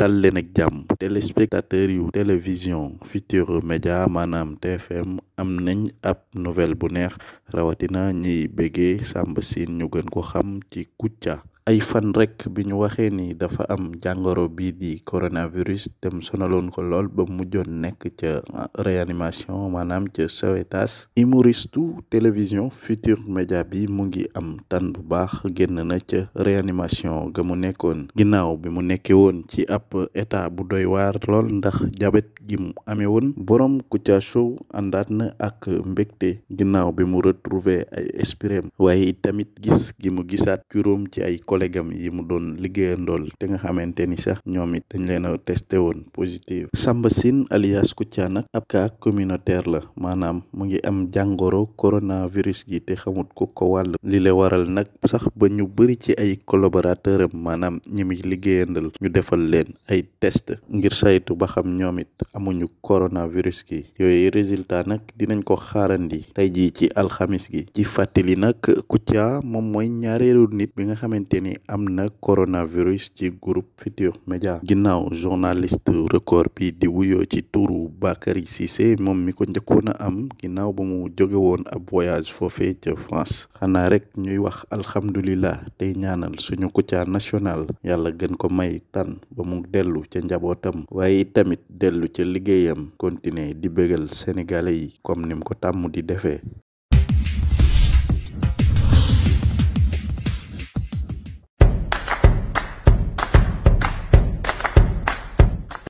dal leen ak jàmm téléspectateurs yu télévision Futurs Médias maanaam TFM am nañ ab nouvelle bu neex rawatina ñiy béggee Samba Sine ñu gën ko xam ci Kouthia ay fan rek bi ñu waxee ni dafa am jàngoro bii di coronavirus dem sonaloon ko lool ba mu mujjoon nekk ca réanimation maanaam ca Sowétas humoristu télévision Futurs Médias bi mu ngi am tan bu baax génn na ca réanimation ga mu nekkoon ginnaaw bi mu nekkee woon ci ab ab état bu doy waar lool ndax jabet gi mu amee woon borom Kouthia Show àndaat na ak mbégte ginnaaw bi mu retrouver ay espirem waaye tamit gis gi mu gisaat juróom ci ay collègue am mu doon liggéeyandool te nga xamante ni sax ñoom it dañ leen a testé woon positif Samba Sine alias Kouthia nag ab ka communautaire la maanaam mu ngi am jàngoro coronavirus gi te xamut ko ko wàll li le waral nag sax ba ñu bëri ci ay collaborateur am maanaam ñi muy liggéeyandal ñu defal leen ay test ngir saytu ba xam ñoom it amuñu coronavirus gi yooyu résultat nag dinañ ko xaarandi tey jii ci alxamis gi ci fàttali nag Kouthia moom mooy ñaareelu nit bi nga xamante ni am na coronavirus ci groupe Futurs Médias ginnaaw journaliste record bi di wuyoo ci turu Bakary Cissé moom mi ko njëkkoon a am ginnaaw ba mu jóge woon ab voyage foofee ca France xanaa rek ñuy wax alhamdulilah tey ñaanal suñu Kouthia national yàlla gën ko may tan ba mu dellu ca njabootam waaye tamit dellu ca liggéeyam continuer di bégal sénégalais yi comme ni mu ko tàmm di defee